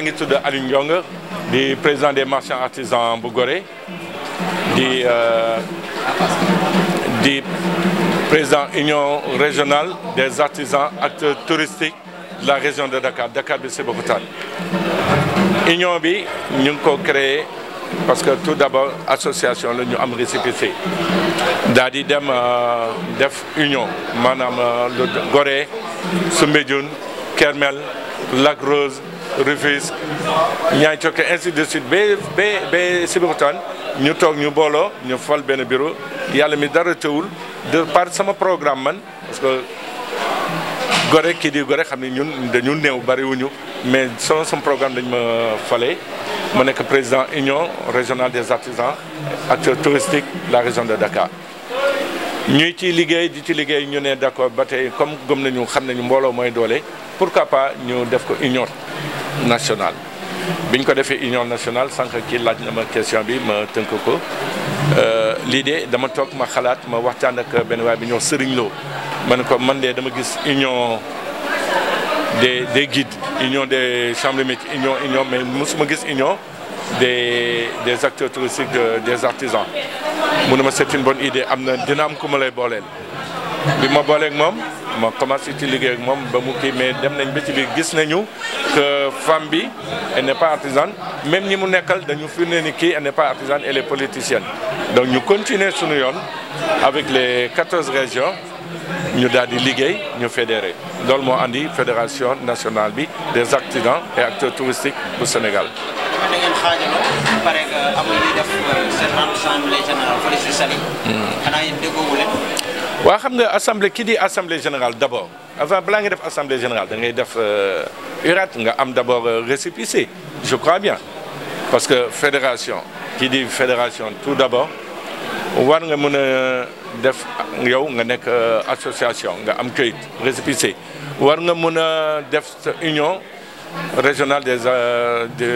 maa ngi tudd Aliou Ndiongue di président des marchands artisans bu Gorée di euh, di président union régionale des artisans acteurs touristiques de la région de Dakar Dakar bi Sébikotane union bi ñu ngi ko créé parce que tout d'abord association la ñu am récépissé daal di dem euh, def union maanaam euh, le Gorée Soumbédioune Kermel Lac Rufisque ñaay cokke ainsi de suite ba ba ñu toog ñu booloo ñu fal benn bureau yàlla mi dara tëwul de par sama programme man parce que gore kii di gore xam ne ñun dañu néew bariwuñu mais selon sama programme dañu ma fole mu nekk président union régional des artisans acteur touristiques la région de Dakar ñuy ci liggéey di ci liggéey ñu ne d'accord ba tey comme gëm nañu xam nañu mbooloo mooy doole pourquoi pas ñu def ko union nationale biñ ko defee union nationale sànq kii laaj na ma question bi ma tënk ko euh, lii de dama toog ma xalaat ma waxtaan ak benn waay bi ñoo seriñ loo ma ne ko man de dama gis union des des guides union des chambres de métiers union union mais mosuma gis union des des acteurs touristiques euh, des artisans mu ne ma c'est une bonne idée am na dina am ku ma lay booleel bi ma booleeg moom. ma commencé ci liggéey moom ba mu kii mais dem nañ ba ci biir gis nañu que femme bi elle n'est pas artisane même ñi mu nekkal dañu firnde ni kii elle n'est pas artisane elle est politicienne. donc ñu continuer suñu yoon avec les quatorze régions ñu daal di liggéey ñu fédéré loolu moo andi fédération nationale bi des artisans et acteurs touristiques bu Sénégal. waa xam nga assemblée ki di assemblée générale d' abord avant balaa nga def assemblée générale da ngay def euh, URAT nga am d' abord euh, récépissé je crois bien parce que fédération ki di fédération tout d' abord war nga mën a def yow nga nekk euh, association nga am këyit récépissé war nga mën a def sa union régionale des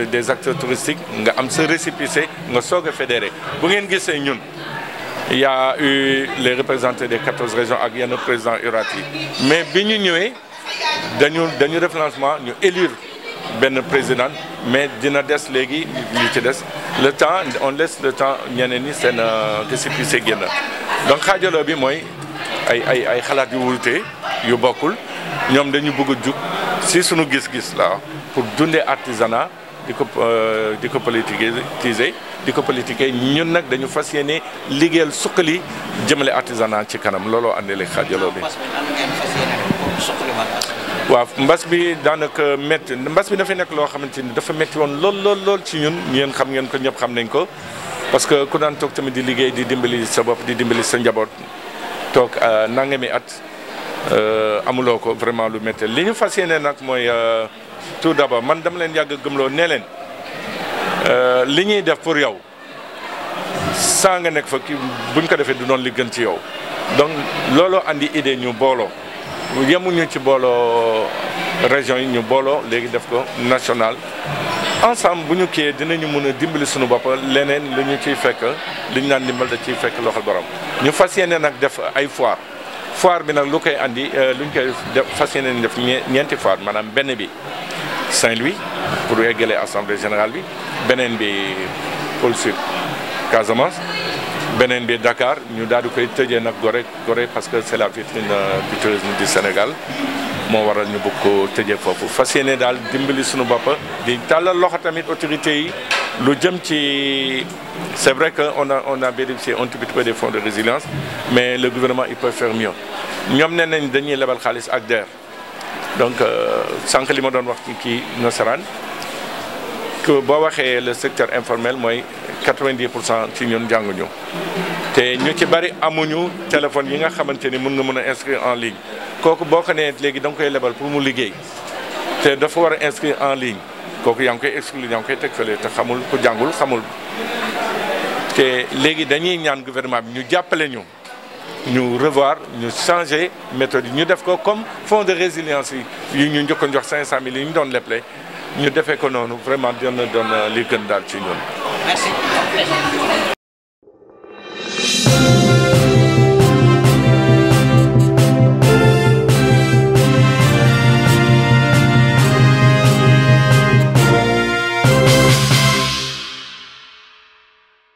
des acteurs touristiques nga am sa récépissé nga soog a fédéré bu ngeen gisee ñun. il a eu les représentants des 14 régions ak yenn président URAT yi mais bi ñu ñëwee dañu dañu def lancement ñu élire benn président mais dina des léegi ñu ci des le temps on laisse le temps ñeneen ñi seen euh, récépissé génn donc xaajaloo bi mooy ay ay ay xalaat yu wuute yu bokkul ñoom dañu bëgg a jug si suñu gis-gis la pour dundee artisanat di ko euh, di ko politiser di ko politiquer ñun nag dañu fas yéene liggéeyal suqali jëmale artisanat ci kanam looloo andi li xaajaloo bi. waaw mbas bi daanaka métti mbas bi dafa nekk loo xamante ni dafa métti woon lool lool ci ñun yéen xam ngeen ko ñëpp xam nañ ko parce que ku daan toog tamit di liggéey di dimbali sa bopp di dimbali sa njaboot toog euh, nangami at. Euh, amuloo ko vraiment lu métti li ñu fas yéene nag mooy euh, tout d'abord man dama leen yàgg gëmloo nee leen euh, li ñuy def pour yow saa nga nekk fa kii buñ ko defee du noonu li gën ci yow donc looloo andi idée ñu booloo yemuñu ci booloo région yi ñu booloo léegi def ko national ensemble bu ñu kiyee dinañu mun a dimbali suñu bopp leneen lu ñu ciy fekk li ñu naan dimbal da ciy fekk loxol borom ñu fas yéene nag def ay foire foire bi nag lu koy andi euh, lu ñu koy def fas yéene def ñeenti foire maanaam benn bi Saint-Louis pour eggalee assemblée général bi beneen bi Pôle Sud Casamance beneen bi Dakar ñu daal di koy tëjee nag Gorée Gorée parce que c'est la vitrine euh, du tourisme du Sénégal moo waral ñu bëgg ko tëjee foofu fas yéene daal dimbali suñu bopp di tàllal loxo tamit autorité yi. lu jëm ci c'est vrai que on a on a bénéficié un tout petit peu des fonds de résilience mais le gouvernement il peut faire mieux ñoom nee nañ dañuy lebal xaalis ak DER donc euh, sànq li ma doon wax ci kii nasaraan que boo waxee le secteur informel mooy 90 pour cent ci ñun jànguñu te ñu ci bari amuñu téléphone yi nga xamante ni mën nga mën a inscrire en ligne kooku boo ko nee léegi da nga koy lebal pour mu liggéey te dafa war a inscrire en ligne. kooku yaa ngi koy exclu teg fële te xamul ku jàngul xamul te léegi dañuy ñaan gouvernement bi ñu jàppale ñu ñu revoir ñu changer méthode yi ñu def ko comme fonds de résilience yi yi ñu njëkkoon jox cinq cent mille yi ñu doon leble ñu defe ko noonu vraiment doon na doon li gën daal ci ñun.